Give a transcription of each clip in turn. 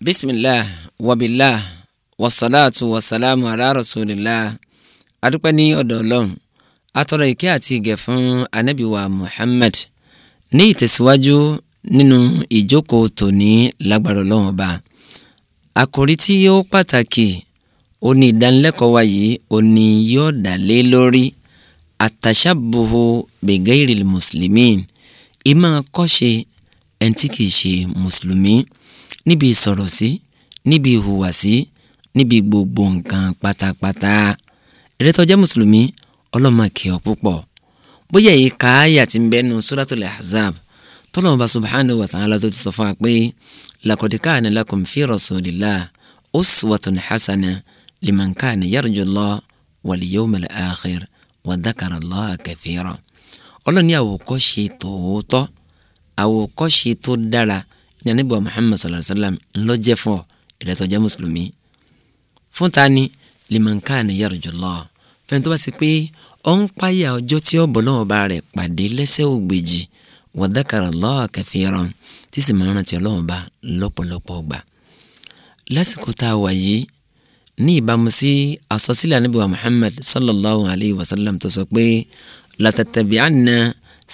bisimilah wabilah wasalaatu wasalaamu ala rasulillah adúpẹ́ ní ọ̀dọ̀ ọlọ́run atọ́rọ ìkẹ́ àti ìgẹ̀ fún anabi wa muhammad ní ìtẹ̀síwájú nínú ìjókòó tòní lágbára ọlọ́run ọba àkòrí tí yóò pàtàkì ó ní ìdánilẹ́kọ̀ọ́ wa yìí ó ní yóò dà lé lórí àtàṣàbòho bẹ̀gẹ́rì mùsùlùmí ìmọ̀ kọ́ṣe níbi ìsọ̀rọ̀ sí níbi ìhùwà sí níbi gbogbo nǹkan pátápátá eré tó jẹ́ mùsùlùmí ọlọ́mọ kì ọ́ púpọ̀ bóyá èyí ká àyà tí ń bẹ́nu suratul ahzab tọ́lọ́mọba subhanahu wa ta'ala tó ti sọ fún wa pé laqad kana lakum fi rasulillah uswatun hasana liman kana yarju Allah wal yawmal akhir wa dhakara Allah kathira ọlọ́ni àwòkọ́ṣe tòótọ́ àwòkọ́ṣe tó dára ní anábìwá Muhammad sallallahu alayhi wa sallam ńlọ jẹ́ fún ọ ìrẹ́tọ̀jẹ́ mùsùlùmí fún ta ni limankani yarjullah fẹ́ni tó bá ṣe pé ọ ń páyà ọjọ́ tí ó bọ̀ lọ́wọ́ bá rẹ̀ pàdé lẹ́sẹ̀ ògbèjì wa dhakara Allaha tí sì máa ń rántí Ọlọ́hun bá lọ́pọ̀lọpọ̀ ọgbà. lásìkò tá a wà yìí ní ìbámu sí àsọsílẹ̀ anábìwá Muhammad sallallahu alayhi wa sallam tó sọ pé latattabi'anna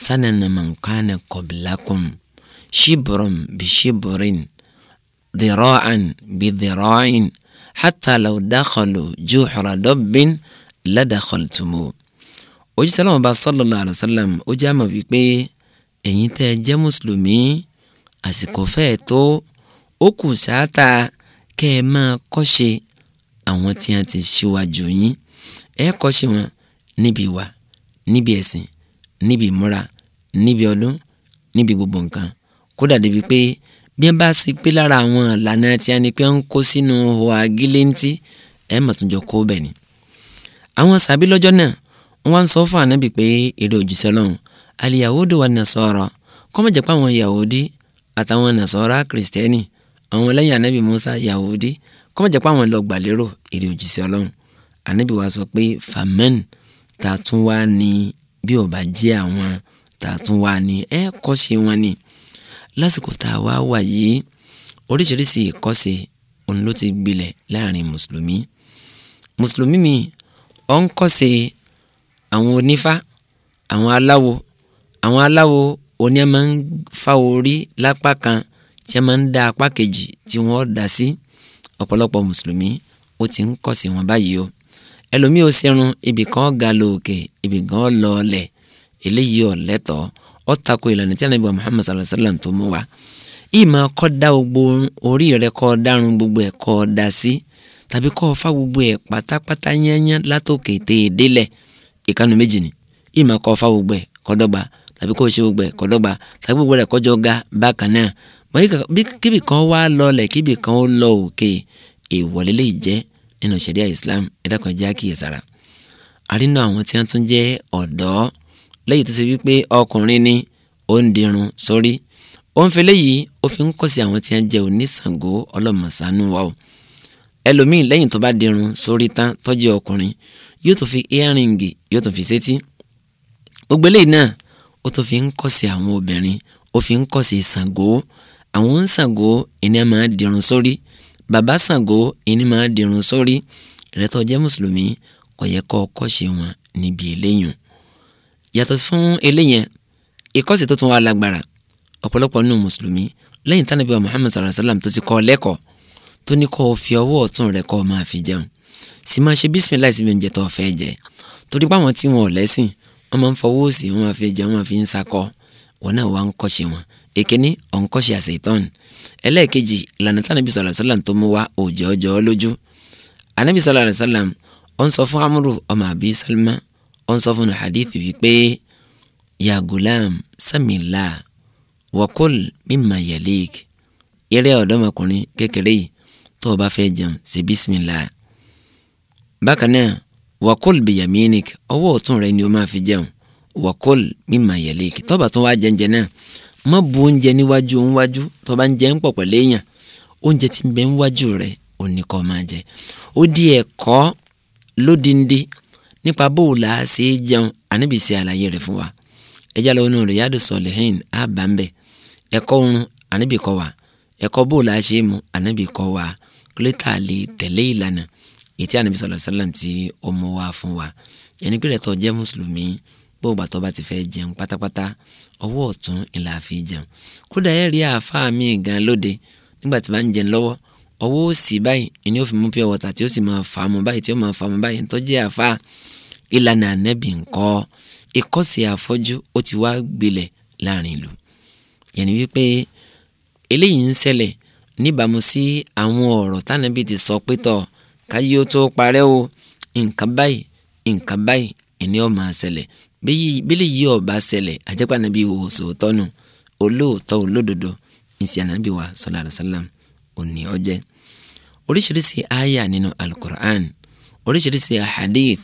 sanana man kana شبر بشبر ذراعا بذراع حتى لو دخلوا جحر دب لدخلتموه òjíṣẹ́ lọ́wọ́ bá sallallahu alaihi wasallam ó jẹ́ àmọ̀ wípé ẹ̀yin tẹ́ ẹ jẹ́ mùsùlùmí àsìkò fẹ́ẹ̀ tó ó kù sáátà kẹ́ ẹ máa kọ́ṣe àwọn tí a ti ṣíwájú yín ẹ kọ́ṣe wọn níbi ìwà níbi ẹ̀sìn níbi ìmúra níbi ọdún níbi gbogbo nǹkan kódà débi pé bí wọ́n bá sì pé lára àwọn ìlànà tí a ní pé ń kó sínú ihò àgíléntì ẹ̀ mọ̀túnjọ kó bẹ̀ ni. àwọn sàbí lọ́jọ́ náà wọ́n ń sọ fún ànábì pé èrè òjíṣẹ́ ọlọ́run al-yahudu wa nasara kọ́mọ̀jẹ̀ pé àwọn yahudi àtàwọn nasara kìrìsìtẹ́nì àwọn lẹ́yìn ànábì musa yahudi kọ́mọ̀jẹ̀ pé àwọn lọ gbàlérò èrè òjíṣẹ́ ọlọ́run ànábì wa sọ pé famen tààtún wá bí ó jẹ́ àwọn tààtún wá ní ẹ wọn ni. Eh, lásìkò tá a wá wà yìí oríṣiríṣi ìkọ́sí òun ló ti gbilẹ̀ láàrin mùsùlùmí mùsùlùmí mi ọ̀ ń kọ́sí àwọn onífá àwọn aláwo àwọn aláwo oní ẹ máa ń fa orí lápá kan tí ẹ máa ń da apá kejì tí wọ́n dá sí ọ̀pọ̀lọpọ̀ mùsùlùmí ó ti ń kọ́sí wọn báyìí o ẹlòmíì ó ṣerun ibì ga lóòkè ibì kan eléyìí ò lẹ́tọ̀ọ́ ó tako ìlànà tí anabi wa muhammad sallallahu alayhi wa sallam tó mú wa ìmọ̀ kọ́ da gbogbo orí rẹ kọ́ dárun gbogbo ẹ̀ kọ́ da sí tàbí kọ́ fa gbogbo ẹ̀ pátápátá yányán látòkè tè é délẹ̀ ìkànnì méjì ni ìmọ̀ kọ́ fa gbogbo ẹ̀ kọ́ dọ́gba tàbí kọ́ ṣe gbogbo ẹ̀ kọ́ dọ́gba tàbí gbogbo rẹ̀ kọ́jọ́ ga bákan náà kíbi kan wá lọlẹ̀ kíbi kan ó lọ òkè ìwọlé lè jẹ́ nínú ṣẹ̀ríà Islam ẹ̀dá kan jẹ́ àkíyèsára àrínú àwọn tí wọ́n tún jẹ́ ọ̀dọ́ lẹ́yìn tó ṣe wípé ọkùnrin ni ó ń dirun sórí ó ń fẹlẹ́ yìí ó fi ń kọ́ sí àwọn tí wọ́n jẹ́ oníṣàngó ọlọ́mọ̀sánú wa o ẹlòmíì lẹ́yìn tó bá dirun sórí tán tó ọkùnrin yóò tó fi earringi yóò tó fi sétí gbogbo eléyìí náà ó tó fi ń kọ́ sí àwọn obìnrin ó fi ń kọ́ sí ṣàngó àwọn ń ṣàngó ìní máa dirun sórí bàbá ṣàngó ìní máa dirun sórí ìrẹ́tọ̀ jẹ́ mùsùlùmí kò kọ́ ṣe wọn níbi eléyìí yàtọ̀ fún eléyẹn ìkọ́sí tó tún wà lágbára ọ̀pọ̀lọpọ̀ nínú mùsùlùmí lẹ́yìn tánàbí wa Muhammad sallallahu alayhi wa sallam tó ti kọ́ lẹ́kọ̀ọ́ tó ní kó o fi ọwọ́ ọ̀tún rẹ kó o máa fi jẹun sì máa ṣe bísímìlá síbi oúnjẹ tó o fẹ́ jẹ torí pé àwọn tí wọn ò lẹ́sìn wọn máa ń fọwọ́ òsì wọn máa fi jẹun wọn máa fi ń sakọ wọn náà wà ń kọ́ṣe wọn èkíní ọ̀ ń kọ́ṣe àṣetán ẹlẹ́ẹ̀kejì ìlànà tánàbí sallallahu alayhi wa sallam tó mú wa ó ń sọ fún un hadithi wípé ya gulam samila wakul mimma yalik eré ọ̀dọ́mọkùnrin kékeré yìí tó o bá fẹ́ jẹun ṣe bísímìlá bákan náà wakul biyaminik ọwọ́ ọ̀tún rẹ ni o máa fi jẹun wakul mimma yalik tó bá tún wá jẹunjẹ náà má bu oúnjẹ níwájú oúnwájú tó bá ń jẹ ń pọ̀ pẹ̀lú oúnjẹ tí ń bẹ ń wájú rẹ ò máa jẹ ó di ẹ̀kọ́ lódindi nípa bó o là á ṣe é jẹun ànábì ṣe àlàyé rẹ̀ fún wa ẹjá lọ inú Riyadu Solihin àbá ń bẹ̀ ẹ̀kọ́ oorun ànábì kọ́ wa ẹ̀kọ́ bó o là á ṣe é mu ànábì kọ́ wa kílítà lè tẹ̀lé ìlànà ètí ànábì sallallahu alaihi wasallam tí ó mú wá fún wa ẹni pé rẹ̀tọ̀ jẹ́ mùsùlùmí bó o bá ti fẹ́ jẹun pátápátá ọwọ́ ọ̀tún ìlà àfi jẹun kódà ẹ̀ rí àáfàá mi gan lóde nígbà tí bá ń jẹun lọ́wọ́ ọwọ́ òsì báyìí ìní òfin mú pure water tí ó sì máa fà á mu báyìí tí ó máa fà á mu báyìí tó jẹ́ àfa ìlànà ànẹ́bì ńkọ́ ìkọ́sẹ̀ àfọ́jú ó ti wá gbilẹ̀ láàrin ìlú yẹn ni wípé eléyìí ń ṣẹlẹ̀ níbàámu sí àwọn ọ̀rọ̀ tánàbí ti sọ pé tọ̀ káyé ó tó parẹ́ o nǹkan báyìí nǹkan báyìí ìní ó máa ṣẹlẹ̀ bílẹ̀ yìí ó ṣẹlẹ̀ àjẹpànàbí wò sòótọ́ olóòótọ́ olódodo ìsìn ànàbí wa sallallahu alaihi wasallam òní ọjẹ́ oríṣiríṣi àyà nínú alukur'an oríṣiríṣi ahadif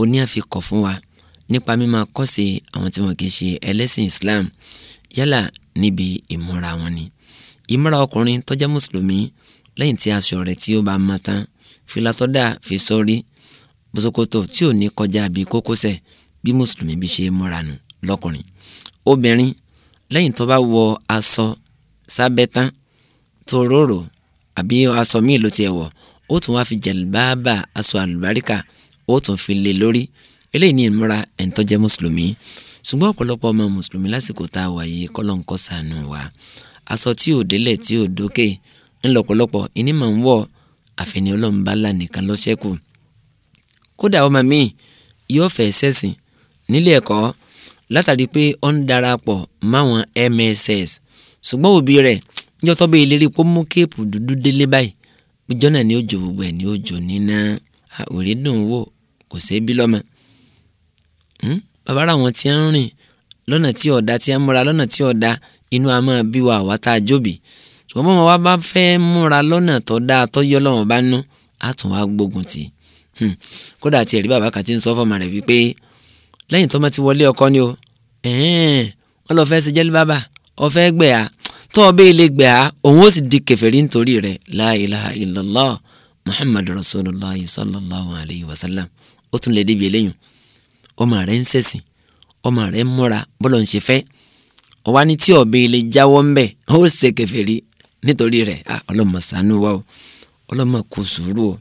òní àfikọ̀ fún wa nípa mímọ̀ kọ́sí àwọn tí wọn kì í ṣe ẹlẹ́sìn Islam yálà níbi ìmúra wọn ni ìmúra ọkùnrin tó jẹ́ mùsùlùmí lẹ́yìn tí aṣọ rẹ̀ tí ó bá mọ́ tán fìlà tó dáa fi sórí bùsùkòtò tí ò ní kọjá bí kókósẹ̀ bí mùsùlùmí bí ṣe múra nù lọ́kùnrin obìnrin lẹ́yìn tó bá wọ aṣọ sábẹ́ tán tòróró àbí aṣọ míì ló tiẹ̀ wọ̀ ó tún wáá fi jẹ̀lbáàbà aṣọ àlùbáríkà ó tún fi lé lórí eléyìí ní ìmúra ẹ̀ńtọ́jẹ́ mùsùlùmí ṣùgbọ́n ọ̀pọ̀lọpọ̀ ọmọ mùsùlùmí lásìkò tá a wà yìí kọ́lọ́ǹkọ́ ṣàánú wa aṣọ tí ò délẹ̀ tí ò dókè ńlọpọlọpọ ìní màá ń wọ̀ àfẹ́ni ọlọ́mbàlà nìkan lọ́sẹ̀kù kódà ọmọ mi yóò fẹ́ ṣẹ̀sìn nílé ẹ̀kọ́ látàrí pé ó ń darapọ̀ máwọn MSS ṣùgbọ́n òbí rẹ̀ níjọ́ tó bá ìlérí pé ó mú kéèpù dúdú délé báyìí ìjọ náà ni ó jò gbogbo ẹ̀ ni ó jò níná òrè dùn wò kò ṣeé bí lọ́mọ. Hmm? bàbá rà wọn tí ń rìn lọ́nà tí ọ̀dà tí ń múra lọ́nà tí ọ̀dà inú a máa bí wa àwa tá a jóbi ṣùgbọ́n bọ́mọ wa bá fẹ́ múra lọ́nà tó dáa tó yọ lọ́wọ́n bá nú á tún wá gbógun tì í hmm. kódà tí ẹ̀rí bàbá kan ti ń sọ fọmọ rẹ̀ wípé lẹ́yìn tó má ti wọlé ọkọ ni o wọ́n lọ fẹ́ ṣe jẹ́lí bàbá ọ fẹ́ gbẹ̀yà tó o bẹ́ẹ̀ lè gbà á òun ó sì di kèfèrí nítorí rẹ̀ la ilaha illallah muhammadu rasulillah sallallahu alayhi wa sallam ó tún lè débi eléyìn ọmọ rẹ̀ ń ṣẹ̀sìn ọmọ rẹ̀ ń múra bọ́lọ̀ ń ṣe fẹ́ ọwọ́ ni tí o bẹ́ẹ̀ lè jáwọ́ ń bẹ̀ ó ṣe kèfèrí nítorí rẹ̀ ah, ọlọ́mọ ṣàánú wa o ọlọ́mọ kò sùúrù o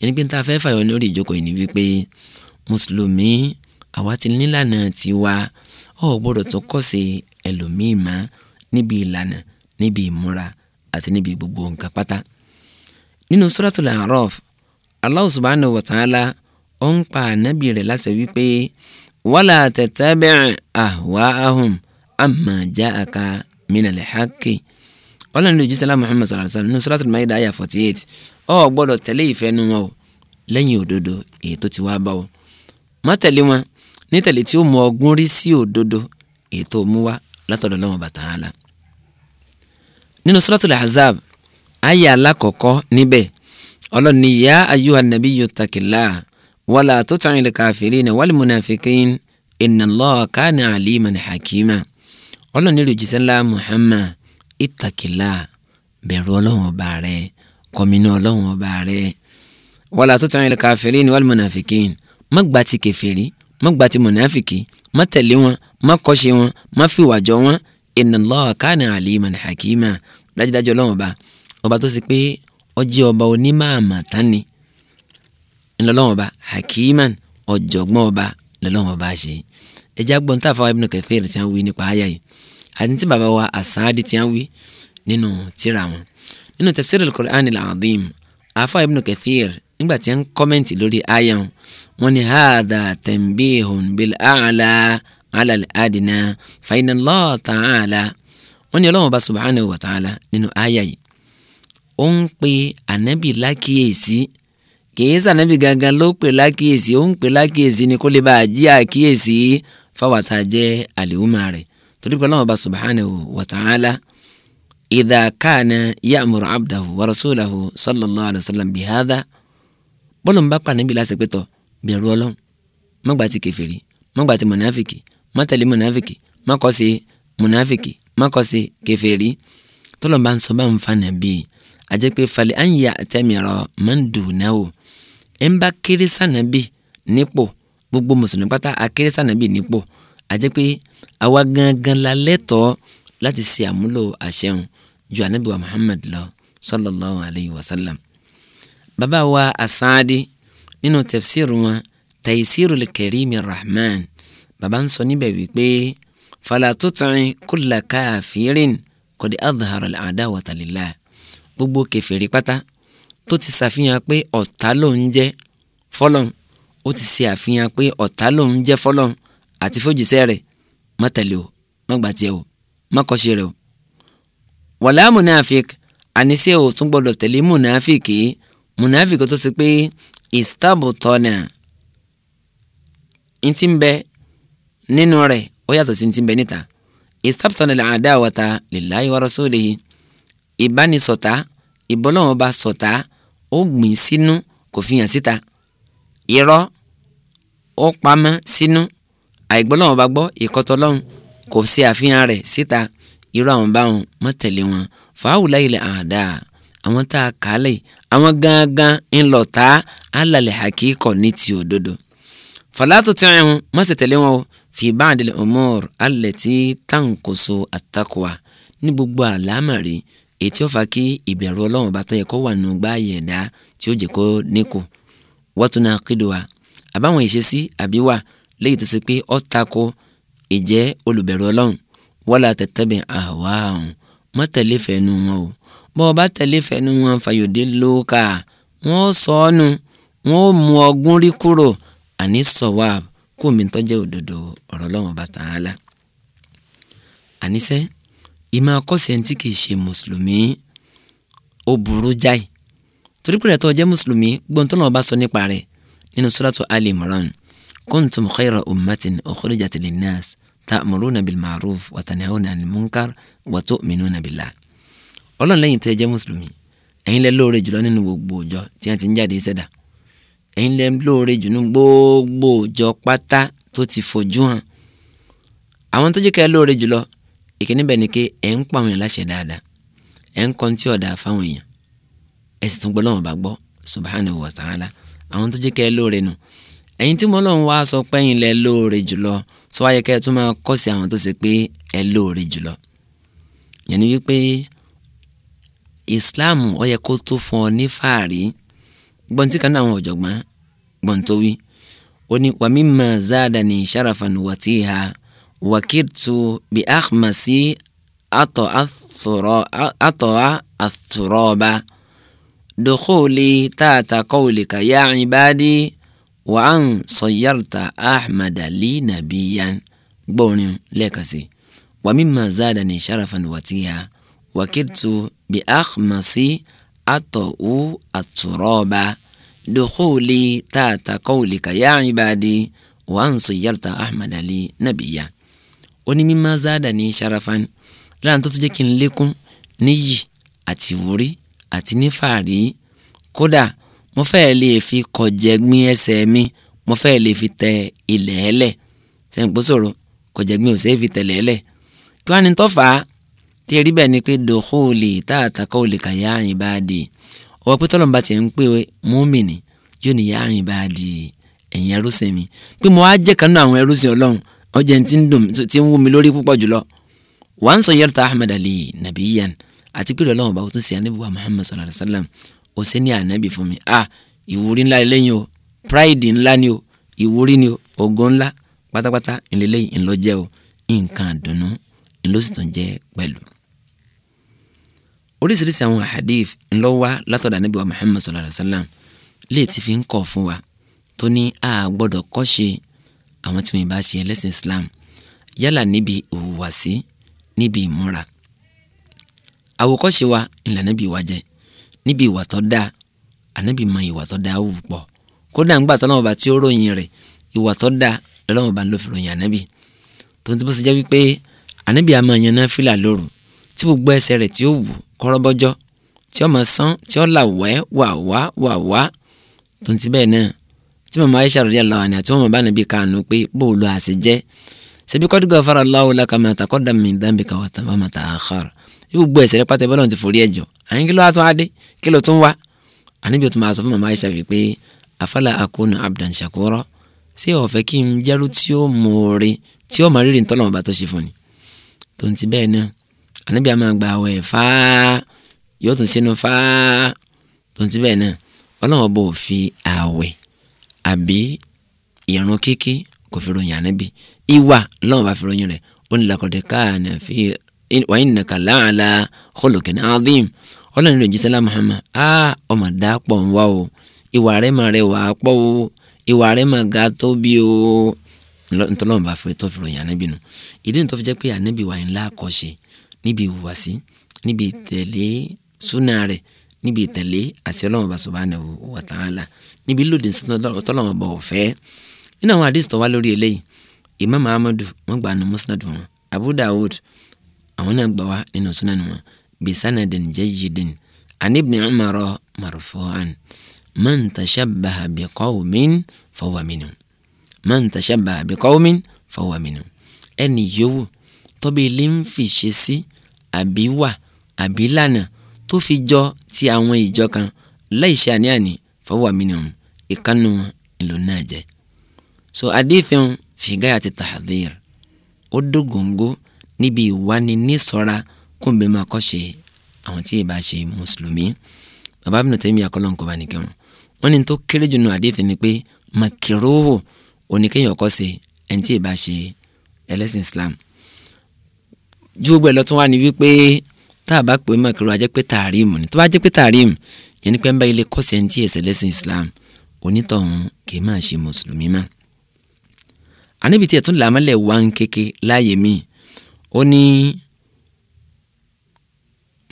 ẹni pé níta fẹ́ fàyọ lórí ìjókòó yìí ni wípé mùsùlùmí àwa ti nílànà tiwa ọ̀ gbọ́dọ̀ tó kọ́ sí ẹlòmíì máa níbi ìlànà níbi ìmúra àti níbi gbogbo nǹkan pátá. nínú suratul A'raf Allah subhanahu wa ta'ala ó ń pa ànábì rẹ̀ láṣẹ wípé wala tattabi' ahwa'ahum amma ja'aka minal haqqi ọlọ́run lójú sálá Muhammad sallallahu alaihi wasallam nínú suratul Maida àyà forty eight o gbọ́dọ̀ tẹ̀lé ìfẹ́ nu wọn o lẹ́yìn òdodo èyí tó ti wá bá ọ má tẹ̀lé wọn nítẹ̀lé tí ó mú ọgbọ́n rí sí òdodo èyí tó mú wá látọ̀dọ̀ lọ́wọ́ bàtà á la nínú suratul ahzab ayé alákọ̀ọ́kọ́ níbẹ̀ ọlọ́ni ya ayyuhan nabiyyu ttaqillah wala tuti'il kafirina wal munafiqin inna Allaha kana aliman hakima ọlọ́ni lòjíṣẹ́ ńlá Muhammad ittaqillah bẹ̀rù ọlọ́run ọba rẹ kọminú ọlọ́run ọba rẹ wala tuti'il kafirina wal munafiqin má gba ti kèfèrí má gba ti mùnàfìkì má tẹ̀lé wọn má kọ́ṣe wọn má fìwà wọn inna Allaha kana aliman hakima dájúdájú ọlọ́run ọba ọba tó ṣe pé ó jẹ́ ọba onímọ̀-àmọ̀ tání ńlọ́lọ́run ọba hakiman ọ̀jọ̀gbọ́n ọba ńlọ́lọ́run ọba ṣe ẹja gbọ́n tá a fọwọ́ Ibn Kathir tí wọ́n wí nípa àyà yìí àti tí bàbá wa As-Saadi tí wọ́n wí nínú tírà wọn nínú tafsir al-Qur'an al-Azim afa Ibn Kathir nígbà tí wọ́n kọ́mẹ́ǹtì lórí àyà wọn ni haadha tanbihun bil-a'la alal adina fàyínà Allah ta'ala wọ́n ní ọlọ́wọ́n bá subhanahu wa ta'ala nínú àyà yìí ó ń pe ànábì lákìyèsí kìí sànábì gangan ló pè lákìyèsí ó ń pè lákìyèsí ni kó lè bá a jí àkíyèsí fáwọ́tà jẹ́ àlèhùnmá rẹ̀ torí pé ọlọ́wọ́n bá subhanahu wa ta'ala idha kana ya'muru abdahu wa rasulahu sallallahu alayhi wa sallam bihadha bọ́lọ̀ ń bá pa ànábì lásìkò pẹ́tọ̀ bẹ̀rù ọlọ́run mọ́gbà ti kèfèrí mọ́gbà má tẹ̀lé mùnàfíkì má kọ́ sí mùnàfíkì má kọ́ sí kèfèrí tọ́lọ̀ bá ń sọ bá ń fa nàbí àjẹ́ pé falẹ̀ à ń yà àtẹ̀mìíràn máa ń dùn náà o ẹ̀ ń bá nípò gbogbo mùsùlùmí pátá akéré sànàbí nípò àjẹ́ pé gangan la lẹ́tọ̀ọ́ láti ṣe àmúlò àṣẹun ju ànábì wa Muhammad lọ sallallahu alayhi wa sallam bàbá wa asaadi nínú tafsir wọn Taysirul Karimi Rahman bàbá ń sọ níbẹ̀ wípé fàlà tó tẹ̀rín kó la káàfìrín kò dé adhara àdá wàtàlélá gbogbo kẹfìrí pátá tó ti ṣàfihàn pé ọ̀tá ló ń jẹ́ fọlọ́n ó ti ṣe àfihàn pé ọ̀tá ló ń jẹ́ fọlọ́n àti fòjìṣẹ́ rẹ̀ má tẹ̀lé o má gbà tiẹ̀ o má kọ́ṣe rẹ̀ o. wàlá munafik àníṣe ò tún gbọdọ̀ tẹ̀lé munafik yìí tó ṣe pé istabutọ́nà ntí ń bẹ́ẹ̀ nínú rẹ̀ ó yàtọ̀ sí ti ń bẹ níta istabtanil adawata lillahi wa rasulihi ìbánisọ̀tá ìbọ́lọ́wọ́n bá sọ̀tá ó gbìn sínú kò fi hàn síta irọ́ ó pamọ́ sínú àìgbọ́lọ́wọ́n bá gbọ́ ìkọ́tọ́lọ́hún kò sí àfihàn rẹ̀ síta irú àwọn báwọn má tẹ̀lé wọn fàáwùlá ilẹ̀ àdá àwọn tá a kálẹ̀ àwọn gangan ń lọ tá a lálẹ́ àkíkọ̀ ní ti òdodo fàlátò tí wọn má sì tẹ̀lé wọn o fi báàdìlẹ umur allati tankusu at-taqwa ní gbogbo àlámọ̀rí ètí ó fa kí ìbẹ̀rù Ọlọ́run bá tó yẹ kó wà nù gbáàyè ẹ̀dá tí ó jẹ́ kó níkù wa tunaqiduha àbáwọn ìṣesí àbíwá léyìí tó ṣe pé ó tako ìjẹ́ olùbẹ̀rù Ọlọ́run wala tattabi ahwaahum má tẹ̀lé fẹ́nu wọn o bọ́ bá tẹ̀lé fẹ́nu wọn fayọ̀dé lóka wọ́n sọ ọ́ wọ́n mú ọgún rí kúrò àní sọ̀wáàbù kó omi tó jẹ́ òdodo ọ̀rọ̀ Ọlọ́run bá tààlà àníṣe ìmọ̀ akọ́sẹ̀ tí kìí ṣe mùsùlùmí ó burú jáì torí pé ẹ̀tọ́ jẹ́ mùsùlùmí gbọ́n tó náà bá sọ nípa rẹ̀ nínú suratu Ali Imran kuntum khayra ummatin ukhrijat linnas ta'muruna bil ma'ruf wa tanhawna 'anil munkar wa tu'minuna billah Ọlọ́run lẹ́yìn tẹ́ jẹ́ mùsùlùmí ẹ̀yin lẹ́ lóore jùlọ nínú gbogbo ọjọ́ tí wọ́n ti ń jáde sẹ́dà ẹ̀yin lẹ́ ń lóore jù ní gbogbo òjọ pátá tó ti fojú hàn àwọn tó jẹ́ kẹ́ lóore jùlọ ìkíní bẹ̀ ni pé ẹ̀ ń pa àwọn èèyàn láṣẹ dáadáa ẹ̀ ń kọ́ ní tí ọ̀dà fáwọn èèyàn ẹ̀ sì tún gbọ́ lọ́wọ́ bá gbọ́ subhanahu wa ta'ala àwọn tó jẹ́ kẹ́ lóore nù ẹ̀yin tí mo lọ́n wá sọ pé ẹ̀yin lẹ́ lóore jùlọ tó wáyé kẹ́ ẹ tún máa kọ́ sí àwọn tó ṣe pé ẹ lóore jùlọ yẹn ni wípé Islam ó yẹ kó tó fún ọ ní fàárí gbọ̀ntì kan náà àwọn ọ̀jọ̀gbọ́n gbọ̀ntó wí ó ní wàmí mà záàdà ní sharafan wàtí ha wàkìtù bí àkmàsí àtọ̀ àtúrọ̀ọ̀bà dùkúlì tààtà kọ́wìlìkà yá ìbádí wà á ń sọ̀yàrtà ahmadali nàbíyàn gbọ́rin lẹ́ẹ̀kan sí wàmí mà záàdà ní sharafan wàtí ha wàkìtù bí àkmàsí àtọ̀ atọ̀wú àtúrọ̀ọ̀bà dùkúlì tààtà kọ́wùlì kàyà ìbàdí wàhánsù yàtà ahmed ali nàbìyà onímọ̀ zádà ní sharafan láàrín tó tún jẹ́ kí n lékún níyì àti wúrí àti nífàárí kódà mo fẹ́ẹ́ lè fi kọjẹ́gbín ẹsẹ̀ mi mo fẹ́ẹ́ lè fi tẹ ilẹ̀ ẹlẹ̀ sẹ́yìn pé sọ̀rọ̀ kọjẹ́gbín ò fi tẹ̀lẹ̀ ẹlẹ̀ kí wàá ní tọ́fà tí erí bẹ́ẹ̀ ni pé dòkóòlì tá àtàkọ́ òlì kà yá àyìn bá di ọwọ́ pé tọ́lọ́mùbá tiẹ̀ ń pè múmìnì yóò ní yá àyìn bá di ẹ̀yìn ẹrúsìn mi pé mo á jẹ́ kanú àwọn ẹrúsìn ọlọ́run ọjà tí ń dùn tí ń wú mi lórí púpọ̀ jùlọ wọ́n sọ yẹ́rù tá Ahmad Ali nàbíyàn àti pé ọlọ́run ọba tó ṣe anábìwá Muhammad sallallahu alayhi wa sallam ó ṣe ànábì fún mi ah ìwúrí ńlá lẹ́yìn o pride ńlá ni o ìwúrí ni o ògo ńlá pátápátá ńlẹ́lẹ́yìn ńlọ́jẹ́ o nǹkan àdùnnú ńlọ́sìtàn jẹ́ pẹ̀lú oríṣiríṣi àwọn hadith ńlọ wá látọ̀dọ̀ Ànábì wa Muhammad sallallahu alayhi wa sallam léè ti fi ń kọ̀ fún wa tó ní a gbọ́dọ̀ kọ́ṣe àwọn tí wọ́n bá ṣe ẹlẹ́sìn Islam yálà níbi ìhùwàsí níbi ìmúra àwòkọ́ṣe wa ńlá Ànábì wa jẹ́ níbi ìwà tó dáa Ànábì mọ ìwà tó dáa wù pọ̀ kódà ńgbà tó lọ́wọ́ bá tí ó ròyìn rẹ̀ ìwà tó dáa lọ́wọ́ bá ń lò fi ròyìn Ànábì tó ń tí bó ṣe jẹ́ wípé Ànábì a máa yan náfìlà lóru tí gbogbo ẹsẹ̀ rẹ̀ tí ó wù kọ́rọ́bọ́jọ́ tí ó máa sán tí ó là wẹ́ wà wá wà wá tó ti bẹ́ẹ̀ náà tí màmá Aisha radiyallahu anha àti wọn mọ̀ bá nàbí kànú pé bóòlù àṣejẹ́ ṣebí qad ghafara Allahu laka ma taqaddama min dhanbika wa ma ta'akhkhara yóò gbọ́ ẹ̀ṣẹ̀ rẹ pátá bọ́lá ti forí ẹ̀jọ̀ àyìn kí ló adé kí tún wá àníbi òtún máa sọ fún màmá Aisha wípé afala akunu abdan shakura ṣé o fẹ́ kí n jẹ́rú tí ó mọ̀ọ́re tí ó máa rírì ń tọ́lọ́mọba tó ṣe fún ni tó bẹ́ẹ̀ náà ànábì àmà gba àwẹ̀ fáá yóò tún sínú fáá tó ń ti bẹ́ẹ̀ náà ọlọ́wọ́ bò fi àwẹ̀ àbí ìrun kíkí kò fi ròyìn ànábì ìwà lọ́wọ́ bá fi ròyìn rẹ̀ ó ní làkọ̀dẹ̀ káàní àfi wa innaka la'ala khuluqin adhim ọlọ́run rẹ̀ jísẹ́lá Muhammad á ọmọ dá pọ̀ ń wá o ìwà rẹ̀ máa rẹ̀ wà á pọ̀ o ìwà rẹ̀ máa ga tó bí o ntọ́lọ́mọba fẹ́ tó fi ròyìn ànábì nù ìdí nìtọ́ fi jẹ́ pé ànábì wà ńlá kọ́ ṣe níbi ìhùwàsí níbi ìtẹ̀lé súnà rẹ̀ níbi ìtẹ̀lé àṣẹ Ọlọ́hun Ọba subhanahu wa ta'ala níbi lòdì sí Ọlọ́hun Ọba ò fẹ́ nínú àwọn àdìsí tó wá lórí eléyìí Imam Ahmadu wọn gbà nù musnad wọn Abu Dawud àwọn náà gbà wá nínú sunan wọn bisanadin jayyidin an Ibn Umar marfu'an man tashabbaha biqawmin fahuwa minhum man tashabbaha biqawmin fahuwa minhum ẹni yòówù tó ilé ń fi ṣe sí. Si, àbí wà àbí lànà tó fi jọ ti àwọn ìjọ kan láì ṣe fọwọ́ minhum ìkànnù ìlú náà jẹ́ so adéfẹ́hùn fìgáyà ti tahdhir ó dógóńgó níbi ìwániníṣọ́ra kúnbẹ́ máa kọ́ ṣe àwọn tí ìbá ṣe mùsùlùmí bàbá Ibn Taymiyyah akọ́lọ́nkọ́ bá nìkan wọ́n ní tó kéré jù nù àdéhìí ni pé makiruhu oníkéyàn kọ́ ṣe ẹni ìbá ṣe ẹlẹ́sìn Islam ju gbogbo ẹ̀ lọ tún wá ní wípé tá a bá pè é mọ̀kìrò ajẹ́ pé tààrímù ni tó bá jẹ́ pé tààrímù yẹn ni pé ń bá ilé kọ́sẹ̀ ń ẹ̀sẹ̀ lẹ́sìn Islam onítọ̀hún kì í máa ṣe mùsùlùmí mọ́. àníbi tí ẹ̀ tún làmọ́lẹ̀ wá ń kéke láàyè míì ó ní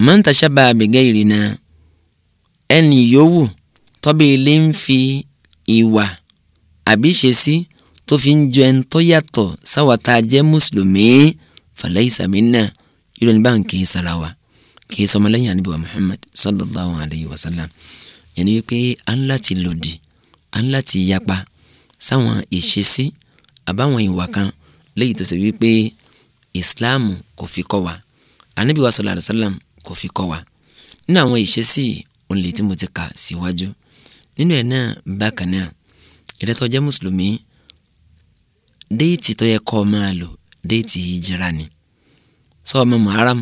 man tashaba bi gairina ẹnì yòówù tọ́bi ilé ń fi ìwà àbí ṣe sí tó fi ń jọ ẹni tó yàtọ̀ sáwàtà jẹ́ mùsùlùmí falaysa minna irú ẹni báwọn kì í sara wa kì í sọmọ lẹ́yìn àníbíwá Muhammad sallallahu alayhi wa sallam yẹn ni wípé à ń láti lòdì à ń láti yapa sáwọn ìṣesí àbáwọn ìwà kan léyìí tó ṣe wípé Islam kò fi kọ́ wa àníbíwá sallallahu alayhi wa sallam kò fi kọ́ wa nínú àwọn ìṣesí òun tí mo ti kà síwájú nínú ẹ̀ náà bákan náà ìrẹ́tọ́ jẹ́ mùsùlùmí déètì tó yẹ kọ́ máa lò déètì ìjìra ni sọ́ọ̀mọ muharam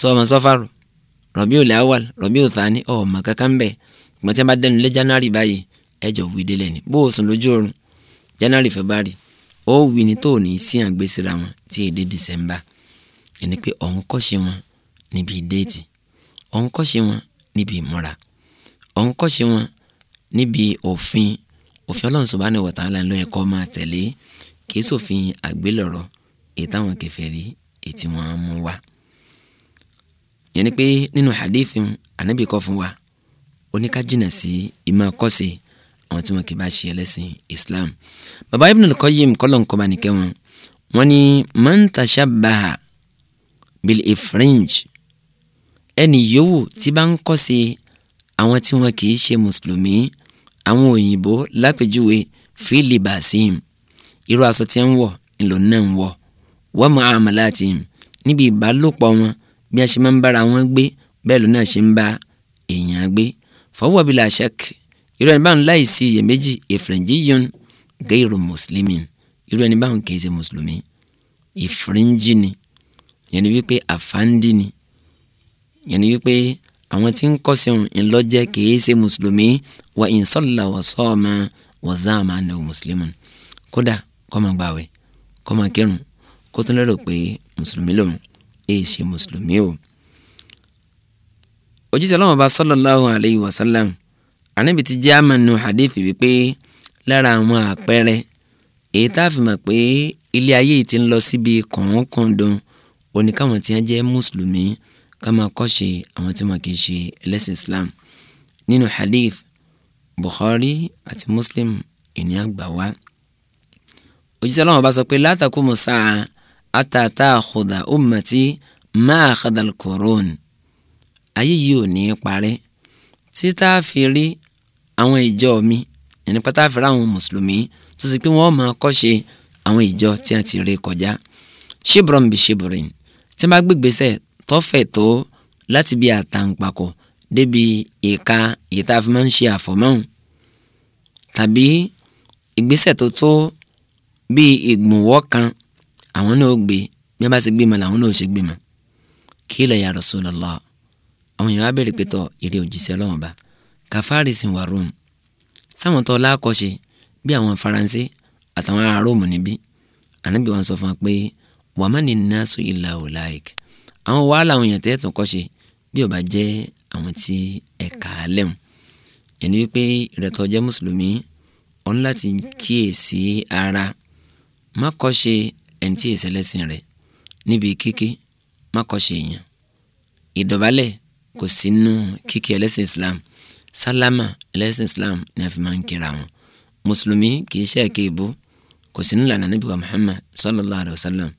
sọ́ọ̀mọ sọ́fàrù rọ̀bíù làwàl rọ̀bíù thani ọ̀ọ́mọ kankan bẹ́ẹ̀ ìgbọ́n tí wọ́n bá dẹnu lé january báyìí ẹjọ́ wí délẹ̀ ni bó o sùn lójú oorun january february ó wí ni tó ní sí àgbésíra wọn tí èdè december ẹni pé ọ̀hún kọ́ṣe wọn níbi déètì ọ̀hún kọ́ṣe wọn níbi ìmúra ọ̀hún kọ́ṣe wọn níbi òfin òfin ọlọ́run subhanahu wa ta'ala ló yẹ kó máa tẹ̀lé kì í ṣòfin àgbélọ̀rọ̀ èyí táwọn kèfèrí èyí tí wọ́n mú wá. yẹn ni pé nínú hadithi anabi kọ́ fún wa oníkájìnà sí ìmọ̀ kọ́sẹ̀ àwọn tí wọn kì í bá ṣe ẹlẹ́sìn Islam. baba Ibn al-Qayyim kọ́lọ̀ nǹkan bá nìkẹ́ wọn wọ́n ní man tashabbaha bil ifrinj ẹni yòówù tí bá ń kọ́sẹ̀ àwọn tí wọn kì í ṣe mùsùlùmí àwọn òyìnbó lápèjúwe fílì bàṣíìmù irú aṣọ tí ń wọ̀ ńlò náà ń wọ̀ wa muamalatihim níbi ìbálòpọ̀ wọn bí a ṣe máa ń bára wọn gbé bẹ́ẹ̀ ló náà ṣe ń bá èèyàn gbé fahuwa bila shak irú ẹni báwọn láìsí iyèméjì ifrinjiyun gairu muslimin irú ẹni báwọn kì í ṣe mùsùlùmí ìfìrìnjì ni yẹn ni wípé àfáǹdì ni yẹn ni wípé àwọn tí ń kọ́ sẹ́wọ̀n ńlọ́jẹ́ kì ṣe mùsùlùmí wa in salla wa sama wa zama annahu kódà kó máa gbààwẹ̀ kó máa kírun kó tún lérò pé mùsùlùmí lòun èyí ṣe mùsùlùmí o. òjíṣẹ́ ọlọ́wọ́n bá sallallahu alayhi wa sallam ànábì ti jẹ́ àmànù hadithi wípé lára àwọn àpẹẹrẹ èyí tá a fi mọ̀ pé ilé ayé yìí ti ń lọ síbi kọ̀ọ̀kan-dùn òní káwọn tí wọ́n jẹ́ mùsùlùmí ká máa kọ́ṣe àwọn tí wọn kì í ṣe ẹlẹ́sìn Islam nínú hadith Buhari àti Muslim ènìyàn gbà wá òjíṣẹ́ ọlọ́run bá sọ pé látàkù musa àtàtà àkùdà ummati máa àkàdàl kòrónì ayé yìí ò ní í parẹ́ tí tá a fi rí àwọn ìjọ mi ẹni pátá fi rí àwọn mùsùlùmí tó sì pé wọ́n máa kọ́ṣe àwọn ìjọ tí a ti rí kọjá ṣíbrọ̀n bí ṣíbrìn tí wọ́n gbégbèsè tọ́fẹ̀ tó láti bí àtàǹpàkò débi ìka ìta fi máa ń ṣe àfọ̀mọ́hùn tàbí ìgbésẹ̀ tó tó bíi ìgbùnwọ́ kan àwọn náà gbé bí wọ́n bá ti gbé làwọn náà ò ṣe gbé mọ́ kila ya Rasulullah àwọn èèyàn á bèrè pé tọ́ ìrẹ́ òjíṣẹ́ Ọlọ́run bá kàfáàrì sì wà Rome sáwọn tó lákọ̀ọ́ṣe bí àwọn Faransé àtàwọn ará Rome níbí ànábì wọn sọ fún wa pé wa mani nasu illa ulaik àwọn wàhálà àwọn èèyàn tẹ́ẹ̀tàn kọ́ṣe bí ó bá jẹ́ àwọn tí ẹ kà á lẹ́hùn ẹni wípé ìrẹ̀tọ́ jẹ́ mùsùlùmí ọ̀n láti kíyèsí ara má kọ́ṣe ẹ̀ǹtí ìṣẹ̀lẹ̀sìn rẹ̀ níbi kíkí má kọ́ṣe èèyàn ìdọ̀bálẹ̀ kò sí nínú kíkí ẹlẹ́sìn Islam sálámà ẹlẹ́sìn Islam ni a fi máa ń kíra wọn mùsùlùmí kì í ṣe èké ìbú kò sí nílànà Ànábì wa Muhammad sallallahu alayhi wa sallam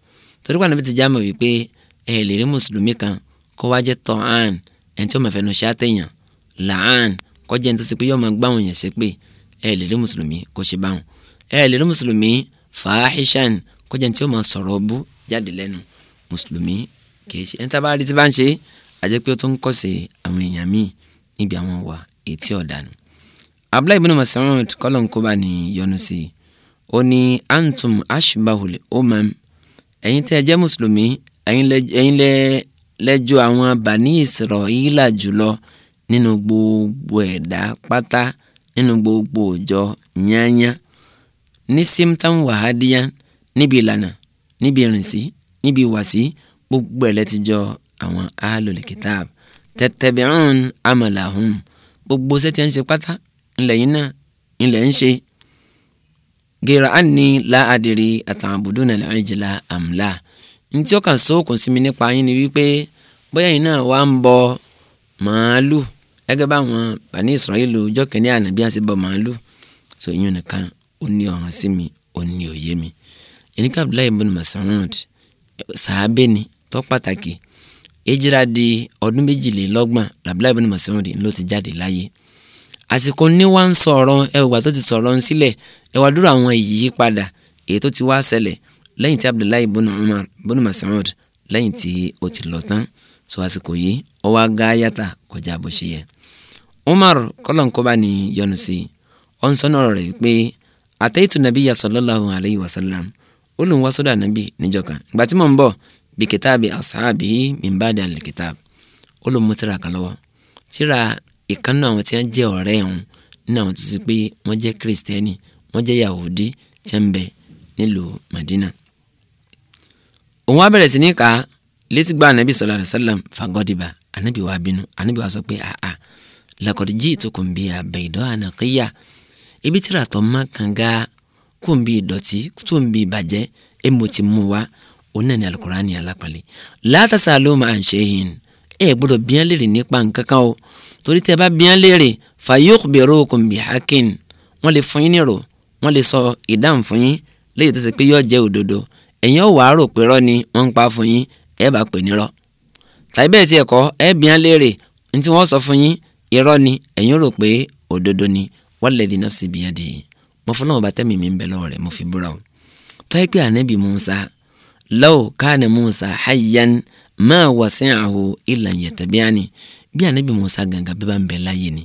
torí pàdánù ti jáàmù wípé ẹ lè rí mùsùlùmí kan kó wá jẹ́ tọ́hán ẹni tí ó máa fẹnu ṣàtẹ̀yàn làán kọjá ẹni tó ṣe pé yóò máa gbáwọn yẹn ṣe pé ẹ lè rí mùsùlùmí kó ṣe báwọn ẹ lè rí mùsùlùmí fàáhíṣàn kọjá tí ó máa sọ̀rọ̀ bú jáde lẹ́nu mùsùlùmí kìí ṣe ẹni tá a bá rí ti bá ń ṣe àjẹ́ pé ó tún ń kọ̀sẹ̀ àwọn èèyàn míì níbi àwọn wà etí ọ̀dànù. abdullahi ibn Mas'ud kọ́lọ̀ ń yọnu sí i ó ní antum ashbahul umam ẹ̀yin tẹ́ ẹ jẹ́ mùsùlùmí ẹ̀yin lẹ́jọ́ àwọn bani Israila jùlọ nínú gbogbo ẹ̀dá pátá nínú gbogbo òjọ yányán nísìm táwọn wàhádìá níbi ìlànà níbi ìrìnsí níbi ìwàsí gbogbo ẹ̀ lẹ́tí jọ àwọn ahlul kitab tẹ̀tẹ̀bìrún amalahum gbogbo sẹ́tì ń ṣe pátá ńlẹ̀ yín náà ńlẹ̀ ń ṣe gèrè àní láàdìrí àtàbùdó nà lẹ́rìndínlá àmúlá ntí ó kàn sóòkùn sí mi nípa yín ni wípé bóyá yín náà wá ń bọ màálù gẹ́gẹ́ báwọn bani Israẹli ọjọ́ kẹ́ni ànábíà ṣe bọ màálù sọ yín nìkan ó ní ọ̀ràn sí mi ó ní òye mi ẹni ká Abdullahi ibn Mas'ud sàábé ni tó pàtàkì ejira di ọdún méjìlélọ́gbọ̀n Abdullahi ibn Mas'ud ló ti jáde láyé àsìkò ní wá ń sọ̀rọ̀ ẹwà tó ti sọ̀rọ̀ ń sílẹ̀ ẹwà dúró àwọn ìyípadà èyí tó ti wá ṣẹlẹ̀ lẹ́yìn tí Abdullahi ibn Mas'ud lẹ́yìn tí ó ti lọ tán so àsìkò yìí ó wá gá yàtà kọjá bó ṣe yẹ Umar kọlọ̀nkọ́ba ni yọ́nú sí i sọ́nà ọ̀rọ̀ rẹ̀ wípé àtẹ̀yìtù nàbí ya sallallahu alayhi wa sallam ó lòun wá sọ́dọ̀ ànábì níjọ́ kan ìgbà tí mò ń bọ̀ bí kìtàbí àsáàbì min ba'di al-kitab ó lòun mú tíra kan lọ́wọ́ tíra ìkànnà àwọn tí wọ́n jẹ́ ọ̀rẹ́ ẹ̀hún nínú àwọn tó ti pé wọ́n jẹ́ kírísítẹ́nì wọ́n jẹ́ yahudi tí ń bẹ nílùú madina òun wá bẹ̀rẹ̀ sí ní ká létí gba anabi sallallahu alaihi wasallam fagọ́dìbà anabi wá bínú anabi wá sọ pé àà laqad ibi tíra tó má kànga kó n bí ìdọ̀tí tó n bí ìbàjẹ́ ẹ mo ti mú wa òun náà ní alukurani alápàlẹ́ látàsá ló máa ń ṣe yìí ẹ gbọ́dọ̀ bíyàn léèrè nípa nǹkan kan o torí tẹ bá bíyàn léèrè fayukhbirukum bihaqqin wọ́n lè fún yín nírò wọ́n lè sọ ìdáhùn fún yín léyìí tó ṣe pé yóò jẹ́ òdodo ẹ̀yin ò wá rò pé rọ́ ni wọ́n ń pa fún yín ẹ bá pè ní tàbí bẹ́ẹ̀ tí ẹ ẹ bíyàn léèrè ní tí wọ́n sọ fún yín irọ́ ni ẹ̀yin rò pé òdodo ni walladhi nafsi biyadihi mo fún náà bàtẹ́ mi mi ń bẹ lọ́wọ́ rẹ̀ mo fi búra o tọ́yẹ́ pé ànábì Musa law kana Musa hayyan ma wasi'ahu illa yattabi'ani bi ànábì Musa gangan bí bá ń bẹ láyé ni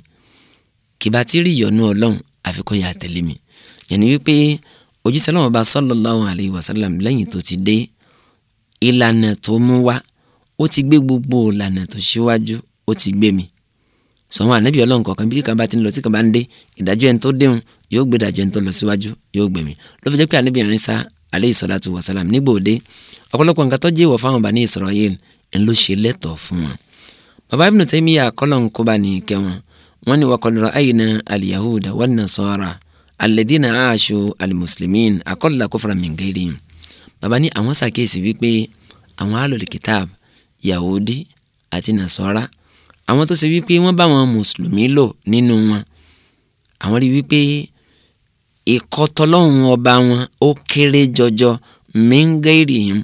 kìbá tí rí ìyọ́nú Ọlọ́run àfikọ́ yà tẹ̀lé mi yẹn ni wípé òjíṣẹ́ náà bá alayhi wa sallam lẹ́yìn tó ti dé ìlànà tó mú wá ó ti gbé gbogbo ìlànà tó ṣíwájú ó ti gbé mi sọ̀wọ́n ànábì ọlọ́run kọ̀ọ̀kan bí kan bá ti ń lọ tí kan bá ń dé ìdájọ́ ẹni tó déhùn yóò gbé ìdájọ́ ẹni tó lọ síwájú yóò gbé mi ló fi jẹ́ pé ànábì Ìsá aleyhi salatu wa salam nígbà òde ọ̀pọ̀lọpọ̀ nǹkan tó jẹ́ ìwọ̀ fáwọn Bani Israel ń ló ṣe lẹ́tọ̀ọ́ fún wọn. bàbá Ibn Taymiyyah kọ́lọ́n kó bá ní kẹ́ wọn wọ́n ní waqad ra'ayna al-yahuda wan-nasara alladhina 'ashu muslimin aqalla kufran min ghayrihim bàbá ní àwọn ṣàkíyèsí wípé kitab yahudi àti nasara àwọn tó ṣe wípé wọ́n bá àwọn mùsùlùmí lò nínú wọn àwọn rí wípé ìkọ́ tọlọ́hun ọba wọn ó kéré jọjọ mẹ́ngẹ́rì yìí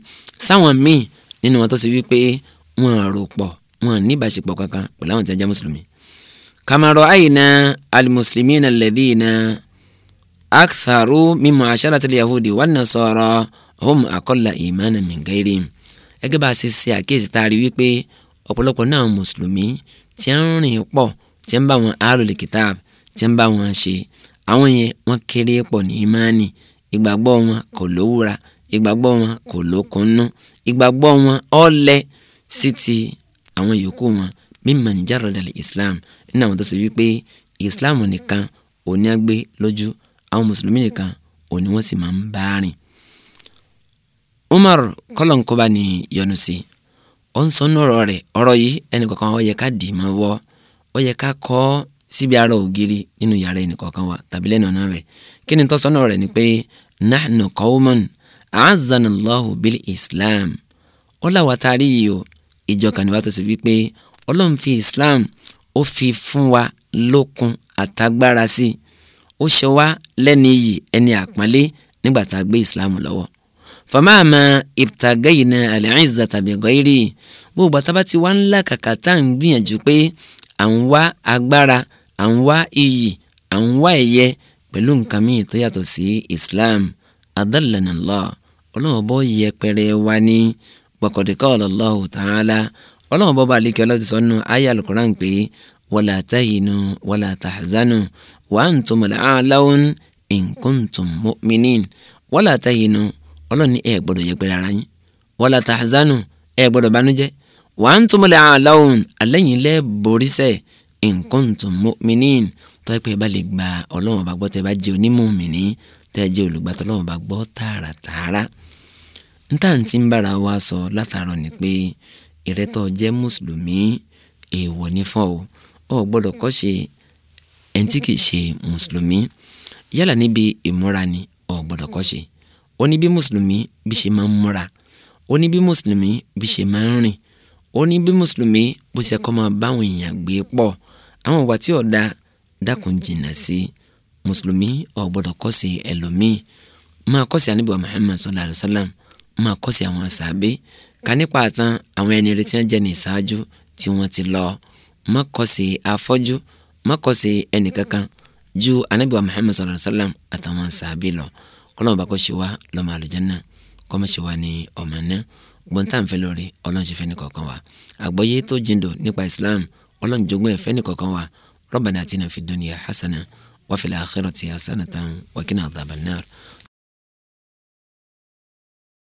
sáwọn míì nínú wọn tó ṣe wípé wọn rò pọ̀ wọn ní ìbáṣepọ̀ kankan pẹ̀lú àwọn tí wọ́n jẹ́ mùsùlùmí. kàmárọ̀ àyìnà alimusulmi na lẹ́dí na aktharu mímu asharatil yahudi wan nasara hum akọ́là ìmánà mẹ́ngẹ́rì. ẹgẹ́ bá a ṣe ṣe àkíyèsí tá a rí wípé ọ̀pọ̀lọpọ̀ náà mùsùlùmí tí ń rìn pọ̀ tí ń bá wọn ahlul kitab tí ń bá wọn ṣe àwọn yẹn wọ́n kéré pọ̀ ní ìmánì ìgbàgbọ́ wọn kò lówúra ìgbàgbọ́ wọn kò lókunnú ìgbàgbọ́ wọn ọ̀lẹ sí ti àwọn yòókù wọn mímọ nìjára islam nínú àwọn tó ṣe wípé islam nìkan òní agbé lójú àwọn mùsùlùmí nìkan òní wọ́n sì máa ń bá rìn. umar kọ́lọ̀ ń kọ́ba ní yọnu sí i ó ń sọnù ọ̀rọ̀ rẹ̀ ọ̀rọ̀ yìí ẹnìkọ̀ọ̀kan ó yẹ ká dì í máa wọ́ ó yẹ ká kọ́ ọ́ síbi ara ògiri nínú yàrá ẹnìkọ̀ọ̀kan wa tàbí lẹ́nu ọ̀nà rẹ̀ kí ni tọ́sọ́nà rẹ̀ ni pé nahnu qawman azanallahu bil islam ó làwọn àtàrí yìí o ìjọ kàníwá tó ṣe wípé ọlọ́run fi islam ó fi fún wa lókun àtagbára sí i ó ṣe wá lẹ́ni iyì ẹni àpọ́nlé nígbà tá a gbé islam lọ́wọ́ fàmáàmà ìtàgẹ́yìnà àlẹ́rìnzà tàbí gọ́írì gbogbo àtàbà tí wàá ńlá kàkà tá à ń gbìyànjú pé à ń wá agbára à ń wá iyì à ń wá ẹ̀yẹ pẹ̀lú nǹkan míì tó yàtọ̀ sí Islam adallanallah ọlọ́run bọ́ yẹpẹrẹ wa ní gbọ̀kọ̀dẹ́kọ̀ Allahu ta'ala ọlọ́run bọ́ bá àlékè ọlọ́run ti sọ nù ayé alukoran pé wala tahinu wala tahzanu wa antumul a'laun in kuntum mu'minin wala tahinu ọlọ́run ní ẹ gbọ́dọ̀ yẹpẹrẹ ara yín wala tahzanu ẹ gbọ́dọ̀ wa antumul a'laun àlẹ́yìn lẹ́ borísẹ̀ in kuntum mu'minin tọ́yẹ pé bá lè gba ọlọ́run gbọ́ tẹ́ bá jẹ́ tẹ́ jẹ́ olùgbàtọ́ gbọ́ tààràtààrà níta ti ń bára wa sọ latara ni pé ìrẹ́tọ̀ jẹ́ mùsùlùmí èèwọ̀ ní ọ gbọ́dọ̀ kọ́ ṣe ẹni tí ṣe ni ọ gbọ́dọ̀ kọ́ Oni ní bí mùsùlùmí bí ṣe máa ń múra ó ní bí mùsùlùmí bí ṣe máa ń rìn ó ní bí mùsùlùmí bó ṣe kọ́ máa báwọn èèyàn gbé pọ̀ àwọn ìwà tí ọ̀dà dákun jìnnà sí mùsùlùmí ò gbọ́dọ̀ kọ́sì ẹlòmíì máa kọ́sì àníbọ̀ Muhammad sallallahu alayhi wa sallam máa kọ́sì àwọn sàbẹ́ ká nípa àtàn àwọn ẹni retí wọn jẹ́ ní ìṣáájú tí wọ́n ti lọ má kọ́sì afọ́jú má kọ́sì ẹnìkankan ju àníbọ̀ Muhammad sallallahu alayhi wa sallam àtàwọn sàbẹ́ lọ kọ́lọ́mọba kó ṣe wá lọ́mọ àlùjánnà kọ́mọ ṣe wá ní ọmọ náà gbọ́ntàǹfẹ́ lórí ọlọ́run ṣe fẹ́ ní kọ̀ọ̀kan wa àgbọ́yé tó jíndò nípa Islam ọlọ́run jogún ẹ̀fẹ́ ní kọ̀ọ̀kan wa Rabbana atina fid dunya hasana wa fil akhirati hasanatan wa qina adhaban nar